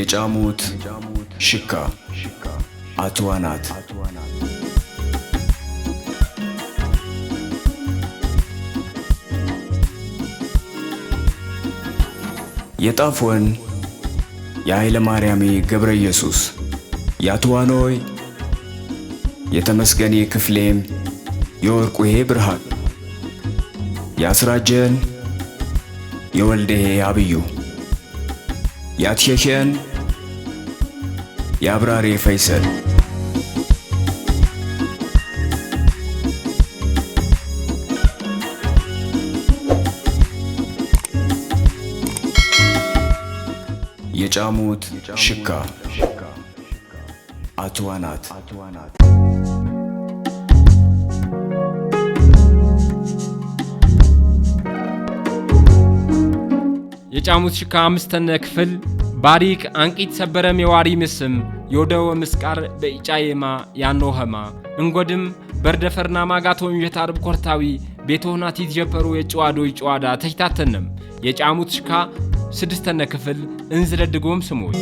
የጫሙት ሽካ አትዋ የጣፎን የኃይለ ማርያሜ ገብረ ኢየሱስ የአትዋኖይ የተመስገኔ ክፍሌም የወርቁሄ ብርሃን የአስራጀን የወልደሄ አብዩ ያትሸሸን የአብራሪ ፈይሰል የጫሙት ሽካ አትዋናት የጫሙት ሽካ አምስተኛ ክፍል ባሪክ አንቂት ሰበረም የዋሪ ምስም የወደወ ምስቃር በኢጫየማ ያኖኸማ እንጐድም በርደፈርናማ ጋቶም የታርብ ኮርታዊ ቤቶሆና ቲትጀፐሩ የጨዋዶይ ጨዋዳ ተይታተንም የጫሙት ሽካ ስድስተነ ክፍል እንዝረድጎም ስሞች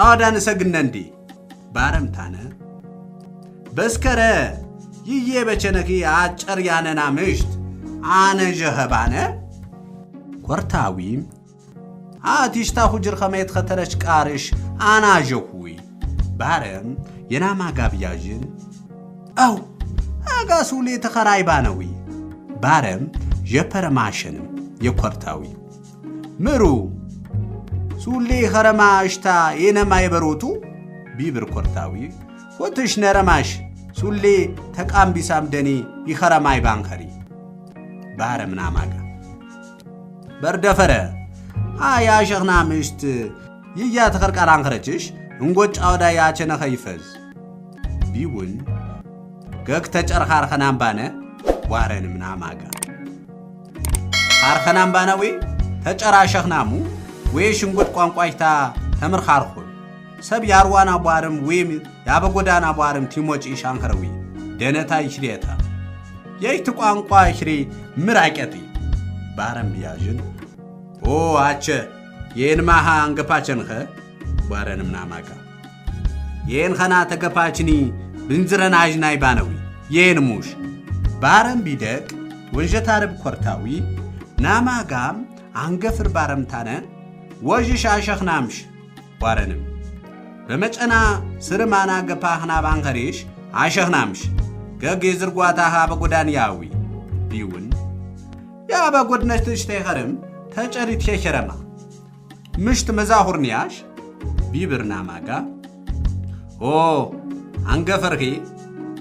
ጨዋዳ ንሰግነ እንዴ ባረምታነ በስከረ ይየ በቸነኪ አጨር ያነና ምሽት ባነ ኰርታዊ ኣቲሽታ ሁጅር ኸመየት ኸተረች ቃርሽ ኣናዠኹይ ባረም የናማ ጋብያዥን አው አጋሱ ኣጋሱሌ ተኸራይ ባነዊ ባረም ዠፐረ ማሸንም የኰርታዊ ምሩ ሱሌ ኸረማ እሽታ የነማ የበሮቱ ቢብር ኰርታዊ ፎትሽ ነረማሽ ሱሌ ተቃም ቢሳም ደኔ ይኸረማይ ባንከሪ ባህረ ምናማጋ በርደፈረ አያ ሸኽና ምሽት ይያ ተኸርቃር አንኸረችሽ እንጎጭ አወዳ ያቸነኸ ይፈዝ ቢውን ገግ ተጨርኻር ባነ ዋረን ምናማጋ ሃር ባነ ወይ ተጨራ ሸኽናሙ ወይ ሽንጎድ ቋንቋይታ ተምርኻርኹ ሰብ የአርዋን አቧርም ወይም የአበጎዳን አቧርም ቲሞጭ ሻንኸረዊ ደነታ ይሽሬታ የይት ቋንቋ ይሽሬ ምራቄጥ ባረም ቢያዥን ኦ አቸ የንማሃ አንገፓቸንኸ ባረንም ናማቃ የን ኸና ተገፓችኒ ብንዝረን አዥናይ ባነዊ የን ሙሽ ባረም ቢደቅ ወንጀታ ወንዠታርብ ኮርታዊ ናማጋም አንገፍር ባረምታነ ወዥ ሻሸኽናምሽ ባረንም ረመጨና ስርማና ገፓህና ባንከሪሽ አሸህናምሽ ገግ የዝርጓታሃ በጎዳን ያዊ ቢውን ያ በጎድነሽ ትሽ ተይኸርም ተጨሪት ሸሸረማ ምሽት መዛሁርንያሽ ቢብርና ማጋ ኦ አንገፈርኼ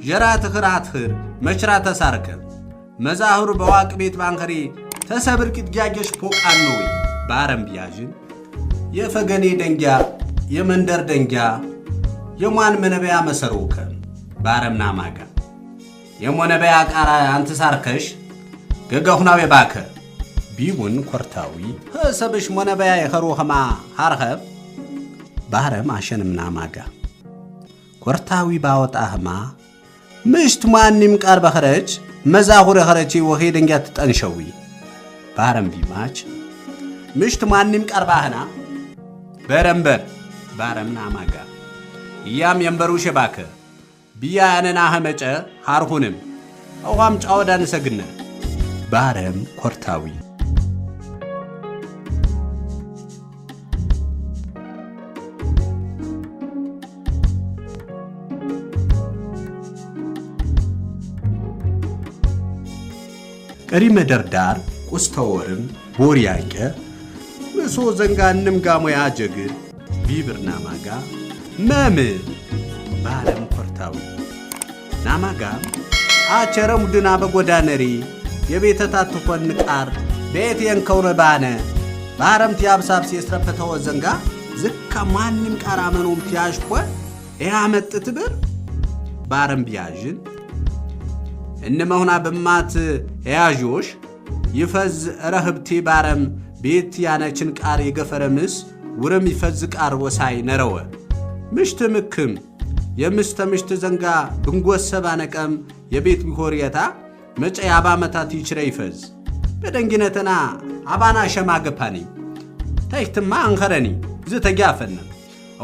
ጀራ ትኽር አትኽር መችራ ተሳርከብ መዛሁር በዋቅ ቤት ባንከሪ ተሰብር ቂት ፖቃን ፖቃኖዌ ባረም ቢያዥን የፈገኔ ደንጊያ የመንደር ደንጊያ የሟን መነበያ መሰሮከ ባረምና ማጋ የሞነበያ ቃራ አንተ ሳርከሽ ገገሁናዊ ባከ ቢውን ኮርታዊ ሰብሽ ሞነበያ የኸሩኸማ ሃርኸብ ባረም አሸንምና ማጋ ኮርታዊ ባወጣህማ ምሽት ማንም ቃር በኸረች መዛሁረ ኸረች ወኼ ደንጊያ ትጠንሸዊ ባረም ቢማች ምሽት ማንም ቃር ባህና በረምበር ባረምና አማጋ እያም የንበሩ ሸባከ ብያነና አህመጨ ሃርሁንም አዋም ጫወዳ ንሰግነ ባረም ኮርታዊ ቀሪ መደርዳር ቁስተወርም ቦርያቄ ምሶ ዘንጋንም ጋሞያ ጀግር ቢብርናማጋ መም ባለም ኮርታዊ ናማጋ አቸረም ድና በጎዳነሪ የቤተታት ኮን ቃር ቤት የንከውረ ባነ ባረም ቲያብሳብስ የስረፈተወ ዘንጋ ዝካ ማንም ቃር አመኖም ቲያዥ ኮን ያመጥ ትብር ባረም ቢያዥን እንመሁና በማት ያዦሽ ይፈዝ ረህብቲ ባረም ቤት ያነችን ቃር የገፈረ ምስ ውርም ይፈዝቅ አርቦሳይ ነረወ ምሽት ምክም የምስተ ምሽት ዘንጋ ብንጎሰብ አነቀም የቤት ምኮርየታ መጨ የአባ መታት ይችረ ይፈዝ በደንጊነተና አባና ሸማገፓኒ ታይክትማ አንኸረኒ ዝተጊያፈነ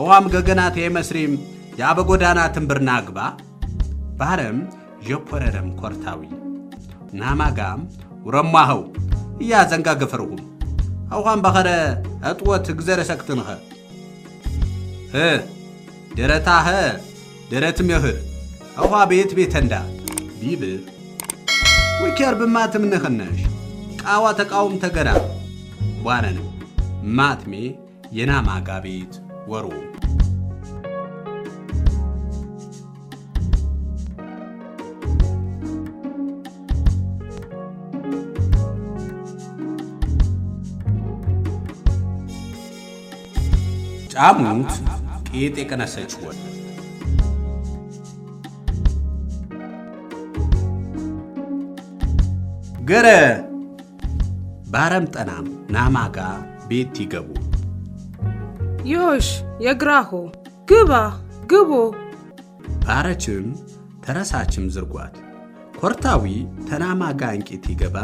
እዋም ገገናት የመስሪም የአበ ጎዳና ትንብርና አግባ ባህረም ዠቆረረም ኮርታዊ ናማጋም ውረማኸው እያ ዘንጋ ገፈርሁም ኣብዃን ባኸረ ኣጥወት እግዘረ ሰክትንኸ ህ ደረታኸ ደረትም የህር ኣብዃ ቤት ቤተንዳ ቢብር ውኬር ብማ ትምንኽነሽ ቃዋ ተቃውም ተገና ቧነን ማትሜ የናማጋ ቤት ወሩ ጫሙት ቄጥ የቀነሰች ወል ገረ ባረም ጠናም ናማጋ ቤት ይገቡ ዮሽ የግራሆ ግባ ግቦ ባረችም ተረሳችም ዝርጓት ኮርታዊ ተናማጋ እንቂት ይገባ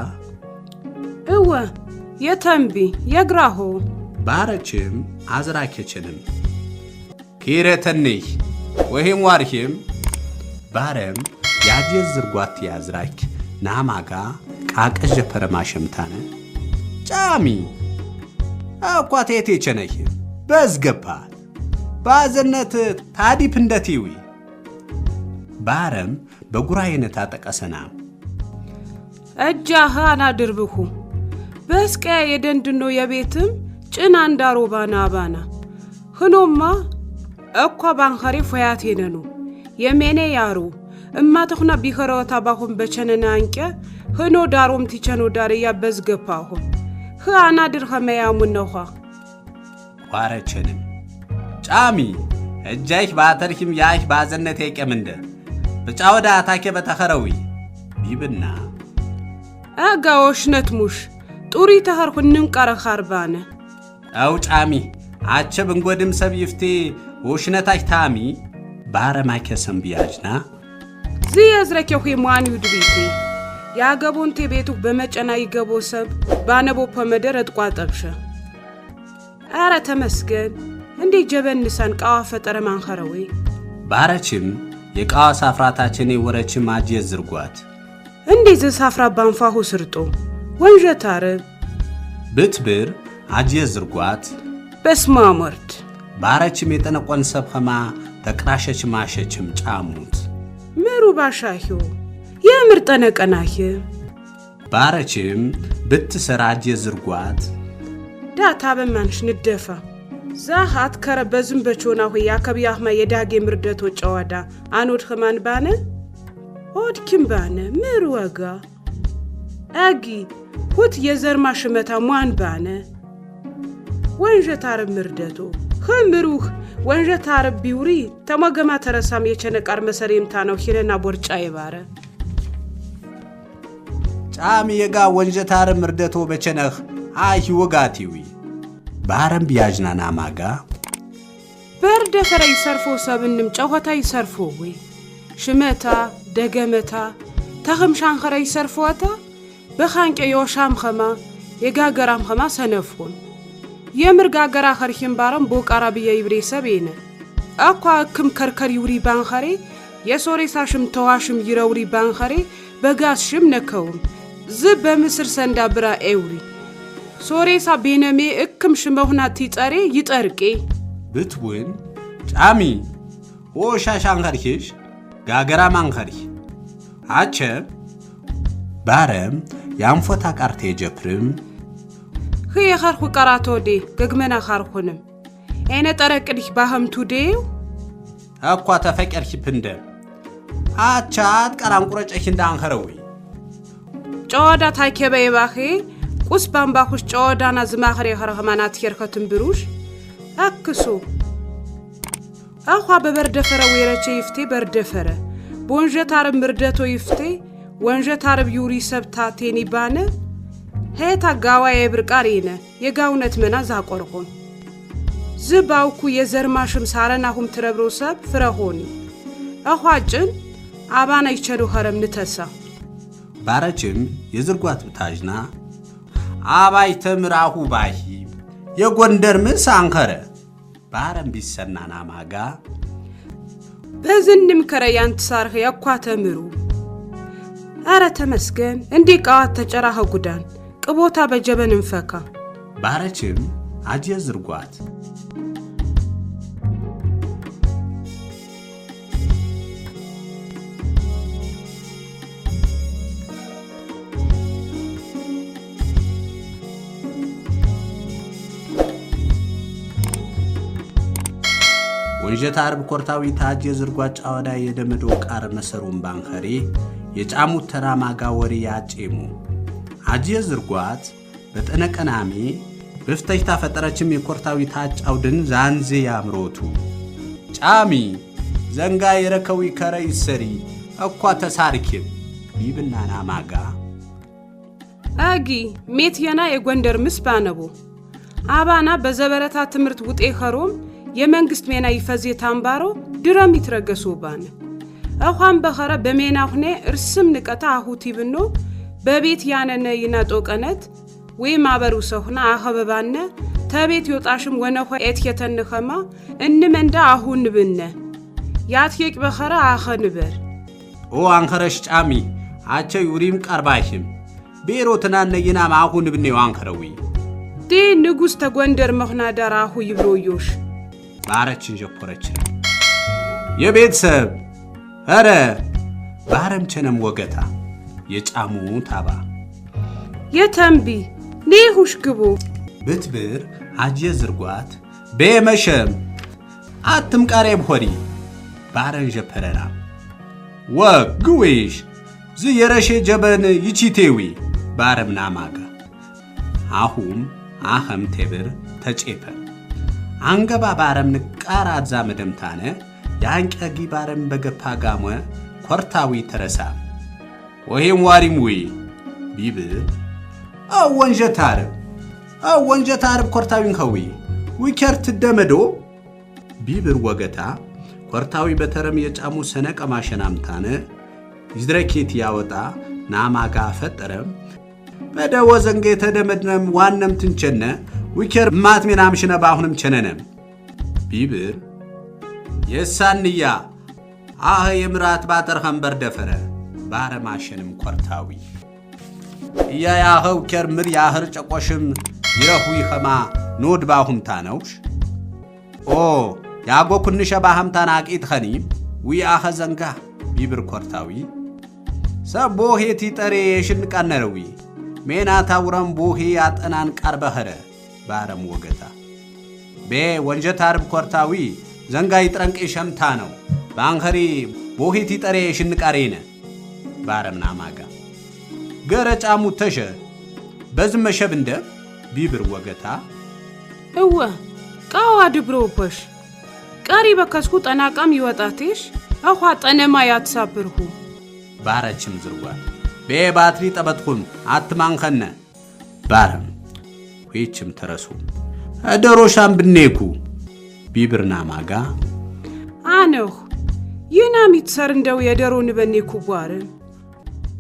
እወ የተንቢ የግራሆ ባረችም አዝራኬችንም ኪረተንህ ወሂም ዋርሂም ባረም ያጅር ዝርጓት ያዝራክ ናማጋ ቃቀዥ ፐረማሸምታነ ጫሚ አኳቴቴ ቸነህ በዝገባ ባዘነት ታዲፕ እንደቲዊ ባረም በጉራይነት አጠቀሰና እጃሃ ናድርብሁ በስቀ የደንድኖ የቤትም ጭና እንዳሮ ባና ባና ህኖማ እኳ ባንኸሬ ፎያት ሄነኑ የሜኔ ያሩ እማተኹና ቢኸረወታ ባኹም በቸነና አንቄ ህኖ ዳሮም ቲቸኖ ዳርያ በዝገፓኹም ህአና ድርኸመያሙነኳ ቋረቸንን ጫሚ እጃይህ ባተርኪም ያይህ ባዘነት የቀምንደ ብጫወዳ ወደ አታኬ በተኸረዊ ቢብና አጋዎሽነት ሙሽ ጡሪ ተኸርኩ ንንቀረኻርባነ አውጫሚ አቸብ እንጎድም ሰብ ይፍቴ ወሽነታች ታሚ ባረማከ ሰምቢያጅና ዚ የዝረከ ሁ ማን ይሁድ ቤቴ ያገቦንቴ ቤቱ በመጨና ይገቦ ሰብ ባነቦ ፐመደር እጥቋጠብሸ አረ ተመስገን እንዴ ጀበን ንሰን ቃዋ ፈጠረ ማንኸረዌ ባረችም የቃዋ ሳፍራታችን የወረችም አጅየት ዝርጓት እንዴ ዘሳፍራ ባንፋሁ ስርጦ ወንዠ ታርብ ብትብር አጅየ ዝርጓት በስማ ሞርድ ባረችም የጠነቈን ሰብ ኸማ ተቅራሸች ማሸችም ጫሙት ምሩ ባሻሂው የምር ጠነቀናህ ባረችም ብትሰራ አጅየ ዝርጓት ዳታ በማንሽ ንደፈ ዛሃት ከረ በዝምበች ሆና ሆያ ከብያህማ የዳጌ ምርደቶ ጨዋዳ አኖድ ኸማን ባነ ኦድኪም ባነ ምር ወጋ አጊ ሁት የዘርማ ሽመታ ሟን ባነ ወንዠታርብ ምርደቶ ኸምሩኽ ወንዠታርብ ቢውሪ ተሟገማ ተረሳም የቸነቃር መሰሬምታ ነው ሂረና ቦርጫ የባረ ጫም የጋ ወንዠታርብ ምርደቶ በቸነህ አይ ወጋቲዊ ባረም ቢያጅናና ማጋ በርደ ፈረ ይሰርፎ ሰብንም ጨኾታ ይሰርፎ ወይ ሽመታ ደገመታ ተኸም ሻንኸረ ይሰርፎታ በኻንቄ ኸማ የጋገራም ኸማ ሰነፍኹም የምርጋ ገራ ኸርሂም ባረም ቦቃራ ብያ ይብሬ ሰብነ አኳ እክም ከርከር ይውሪ ባንኸሬ የሶሬሳ ሽም ተዋሽም ይረውሪ ባንኸሬ በጋስ ሽም ነከውም ዝ በምስር ሰንዳ ብራ ኤውሪ ሶሬሳ ቤነሜ እክም ሽመሁና ቲጸሬ ይጠርቄ ብትውን ጫሚ ሆሻሽ አንኸርሂሽ ጋገራ ማንኸሪ አቸ ባረም ያንፎታ ቃርቴ ጀፕርም ኸርኹ ቀራቶዴ ደግመና ኻርኹንም ኤነ ጠረቅድህ ባኸምቱዴው እኳ ተፈቀርሽፕ እንደ አቻት ቀራም ቁረጨሽ እንዳንኸረወይ ጨወዳ ታይኬበይ ባኼ ቁስ ባምባኹሽ ጨወዳና ዝማኸር የኸረኸማናት የርከትን ብሩሽ አክሱ አኳ በበርደፈረ ወይረቼ ይፍቴ በርደፈረ ቦንዠት አርብ ምርደቶ ይፍቴ ወንዠት አርብ ዩሪ ሰብታ ቴኒ ባነ ሄታ ጋዋ የብርቃሪነ የጋውነት መና ዛቆርሆን ዝባውኩ የዘርማሽም ሳረናሁም ትረብሮ ሰብ ፍረሆኒ አኋጭን አባና ይቸዱ ኸረም ንተሳ ባረችም የዝርጓት ብታጅና አባይ ተምራሁ ባሂብ የጎንደር ምስ አንከረ ባረም ቢሰናና ማጋ በዝንም ከረ ያንትሳርህ ያኳ ተምሩ አረ ተመስገን እንዲህ ቃዋት ተጨራኸ ጉዳን ቅቦታ በጀበን እንፈካ ባረችም አጅየ ዝርጓት ወይዠት አርብ ኮርታዊ ታጅ የዝርጓጫ ወዳ የደመዶ ቃር መሰሩን ባንኸሬ የጫሙት ተራ ማጋ ወሬ ያጬሙ አጅየ ዝርጓት በጠነቀናሜ በፍተሽታ ፈጠረችም የኰርታዊ ታጫውድን ዛንዜ ያምሮቱ ጫሚ ዘንጋ የረከዊ ከረ ይሰሪ እኳ ተሳርኪም ቢብናና ማጋ አጊ ሜትየና የጎንደር ምስ ባነቡ አባና በዘበረታ ትምህርት ውጤ ኸሮም የመንግስት ሜና ይፈዜ ታምባሮ ድረም ይትረገሱ ባን እኳም በኸረ በሜና ሁኔ እርስም ንቀታ አሁቲ ብኖ በቤት ያነነ ይነጦ ቀነት ወይም አበሩ ሰውና አኸበባነ ተቤት ይወጣሽም ወነሆ ኤት የተንኸማ እንመንዳ አሁን ብነ ያትየቅ በኸረ አኸ ንበር ኦ አንኸረሽ ጫሚ አቸ ዩሪም ቀርባሽም ቤሮ ትናነ ይናም አሁን ብኔው አንኸረዊ ዴ ንጉሥ ተጎንደር መኽና ዳር አሁ ይብሮዮሽ ባረችን ጀኮረችን የቤተሰብ ኧረ ባረም ቸነም ወገታ የጫሙ ታባ የተንቢ ኒሁሽ ግቡ ብትብር ሀጅየ ዝርጓት በየመሸም አትም ቃሬ ሆሪ ባረንዠ ፐረራ ወግ ግዌሽ ዝ የረሼ ጀበን ይቺቴዊ ባረምና ማገ አሁም አኸም ቴብር ተጬፈ አንገባ ባረም ንቃር አዛ መደምታነ የአንቀጊ ባረም በገፓ ጋሞ ኮርታዊ ተረሳ ወሄም ዋሪም ወይ ቢብል አብ ወንጀት አርብ አብ ወንጀት አርብ ኮርታዊን ኸዊ ዊኬር ትደመዶ ቢብር ወገታ ኮርታዊ በተረም የጫሙ ሰነቀ ማሸናምታነ ይዝረኬት ያወጣ ናማጋ ፈጠረም በደወ ዘንገ የተደመድነም ዋነም ትንቸነ ዊኬር ማት ሜናምሽነ በአሁንም ቸነነም ቢብር የሳንያ አህ የምራት ባጠር ኸንበር ደፈረ ባረማሸንም ኰርታዊ እያያኸው ኬርምር ያህር ጨቆሽም ይረኹ ይኸማ ኖድ ባሁምታ ነውሽ ኦ ያጎ ኩንሸ ባሃምታን ናቂት ኸኒ ዊአኸ ዘንጋ ቢብር ኰርታዊ ሰብ ቦሄቲ ጠሬ የሽንቃነረዊ ሜናታ ውረም ቦሄ ያጠናን ቃርበኸረ ባረም ወገታ ቤ ወንጀታ ርብ ኰርታዊ ዘንጋ ይጥረንቄ ሸምታ ነው ባንኸሪ ቦሄቲ ጠሬ የሽንቃሬነ ባረምናማጋ ገረጫሙ ተሸ በዝመ ሸብንደ ቢብር ወገታ እወ ቃዋ ድብሮበሽ ቀሪ በከስኩ ጠናቃም ይወጣቴሽ አኳ ጠነማ ያትሳብርሁ ባረችም ዝርጓል ቤባትሪ ጠበትኹም አትማንኸነ ባረም ዄችም ተረሱ እደሮሻም ብኔኩ ቢብርና ማጋ አነሁ ይህናም ይትሰር እንደው የደሮ ንበኔኩ ቧርን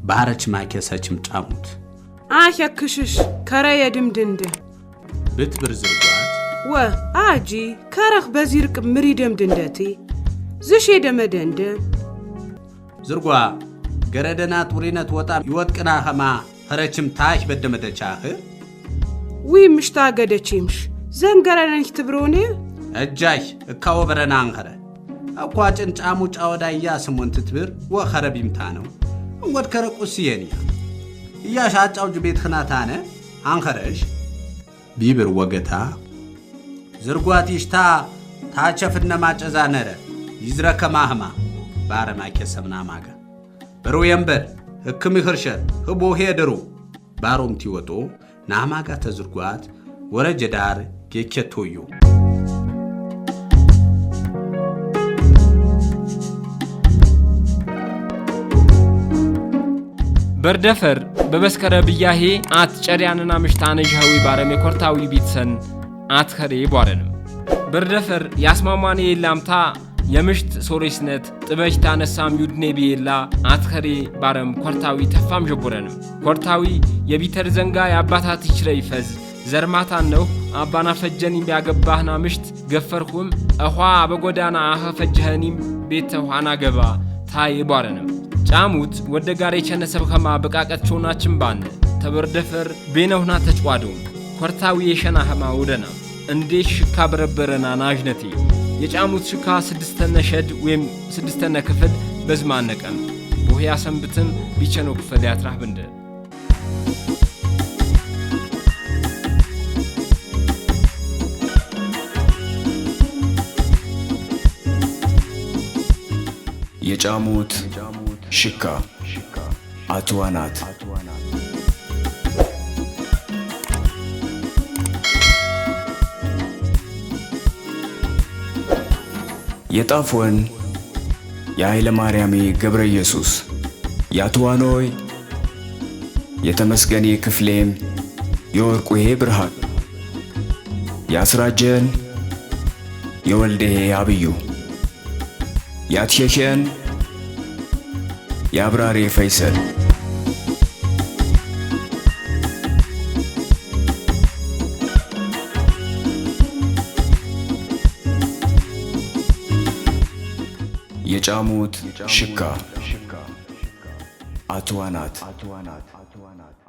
ባረች ማኬሰችም ጫሙት አሸክሽሽ ከረ የድምድንድ ብትብር ዝርጓት ወ አጂ ከረኽ በዚርቅ ምሪ ደምድንደቲ ዝሽ የደመደንደ ዝርጓ ገረደና ጡሪነት ወጣ ይወጥቅና ኸማ ኸረችም ታሽ በደመደቻህ ዊ ምሽታ ገደችምሽ ዘንገረነች ትብሮኔ እጃሽ እካወበረና ኸረ እኳ ጭንጫሙ ጫወዳያ ስሞን ትትብር ወኸረ ቢምታ ነው ወድከረ ቁስየንያ እያሽ አጫውጅ ቤት ክናታነ አንኸረሽ ቢብር ወገታ ዝርጓቲሽታ ታቸፍነ ማጨዛ ነረ ይዝረ ከማህማ ባረማኬ ሰምና ማገ በሩ የንበር ህክም ይኽርሸ ህቦ ሄድሩ ባሮምቲ ወጦ ናማጋ ተዝርጓት ወረጀዳር ጌኬቶዩ በርደፈር በበስከረ ብያሄ አት ጨሪያንና ምሽታነ ዥኸዊ ባረሜ ኮርታዊ ቢትሰን አት ኸሬ ቧረንም በርደፈር ያስማማኔ የላምታ የምሽት ሶሬስነት ጥበጅ ታነሳም ዩድኔ ብየላ አትኸሬ ባረም ኮርታዊ ተፋም ዠቦረንም ኮርታዊ የቢተር ዘንጋ የአባታት ይችረ ይፈዝ ዘርማታን ነው አባና ፈጀኒም ቢያገባህና ምሽት ገፈርኩም እኋ በጎዳና አኸ ፈጀኸኒም ቤተ ውሃና ገባ ታይ ቧረንም ጫሙት ወደ ጋር የቸነሰብ ከማ ብቃቀት ቾናችን ባነ ተበርደፈር ቤነሁና ተጫዋዶ ኮርታዊ የሸና ኸማ ወደና እንዴ ሽካ በረበረና ናዥነቴ የጫሙት ሽካ ስድስተነ ሸድ ወይም ስድስተነ ክፍል በዝማነቀም ቦህያ ሰንብትን ቢቸኖ ክፍል ያትራህ ብንደ የጫሙት ሽካ አትዋ የጣፍወን የኃይለ ማርያሜ ገብረ ኢየሱስ የአትዋኖይ የተመስገኔ ክፍሌም የወርቁሄ ብርሃን ያስራጀን የወልደሄ አብዩ ያትሸሸን የአብራሪ ፈይሰል የጫሙት ሽካ አትዋናት